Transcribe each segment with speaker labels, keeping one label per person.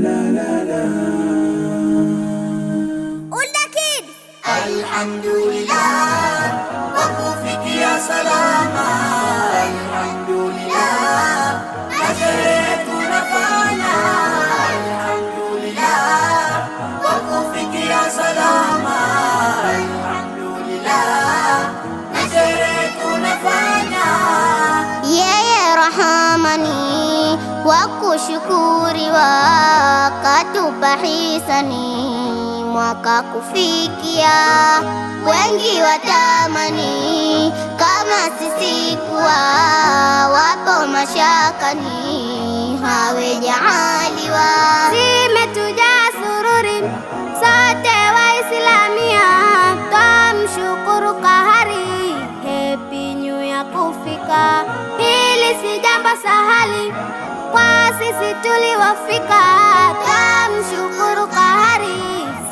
Speaker 1: لا لا لا
Speaker 2: قلنا كده
Speaker 3: الحمد لله
Speaker 4: wakushukuri katupa hisani mwaka kufikia, wengi watamani kama sisi kuwa wapo mashakani hawejahaliwa
Speaker 5: zimetuja sururi sote waislamia twamshukuru kahari hepi nyu ya kufika hili si jambo sahali sisi tuliwafika, twamshukuru kahari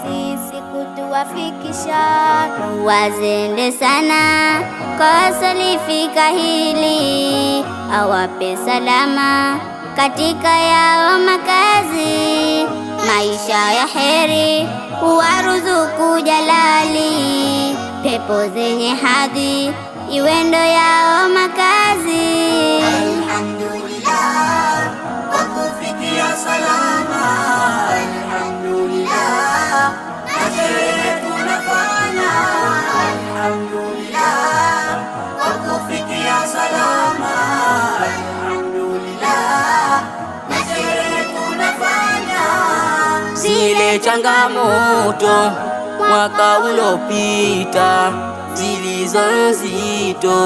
Speaker 5: sisi kutuwafikisha.
Speaker 6: Wazende sana kosa lifika hili, awape salama katika yao makazi, maisha ya heri waruzuku jalali, pepo zenye hadhi iwendo yao makazi
Speaker 7: changamoto mwaka ulopita zilizo nzito,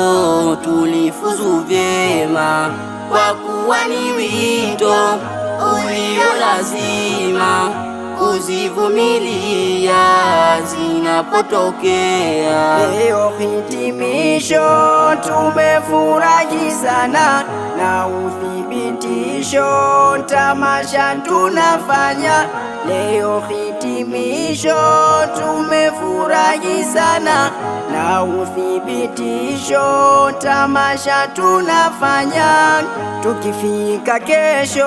Speaker 7: tulifuzu vyema kwa kuwa ni wito ulio lazima kuzivumilia zinapotokea.
Speaker 8: Leo hitimisho, tumefurahi sana na uthibitisho, tamasha tunafanya leo, hitimisho tumefurahi sana, na uthibitisho, tamasha tunafanya, tukifika kesho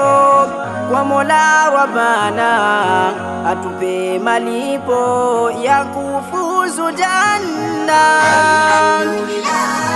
Speaker 8: kwa Mola Bana, atupe malipo ya kufuzu janna.
Speaker 3: Alhamdulillah.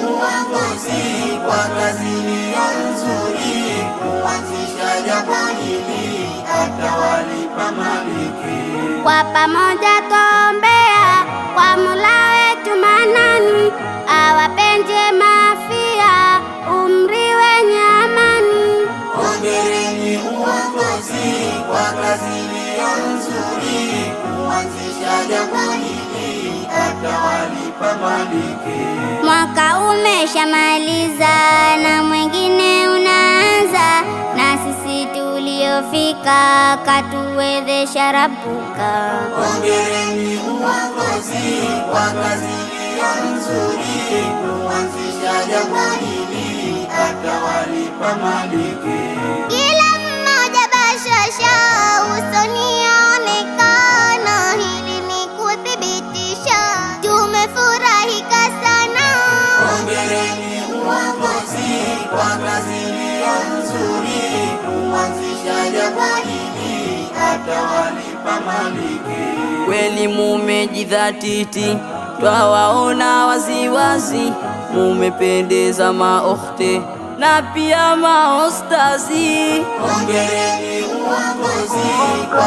Speaker 9: uongozi kwa kazi ya nzuri, kuanzisha jambo hili atawalipa maliki.
Speaker 10: Kwa pamoja twombea kwa mula wetu Manani, awapenje mafia umri wenye amani.
Speaker 9: Hongereni uongozi kwa kazi ya nzuri kuanzisha jamhuri hii atawalipa Maliki.
Speaker 11: Mwaka umeshamaliza na mwingine unaanza, na sisi tuliofika katuwezesha Rabbuka.
Speaker 9: Ongereni uongozi kwa kazi ya nzuri, kuanzisha jamani hii atawalipa Maliki.
Speaker 12: Kweli mumejidhatiti, twawaona waziwazi, mumependeza maohte na pia maostazi.
Speaker 9: Hongereni uongozi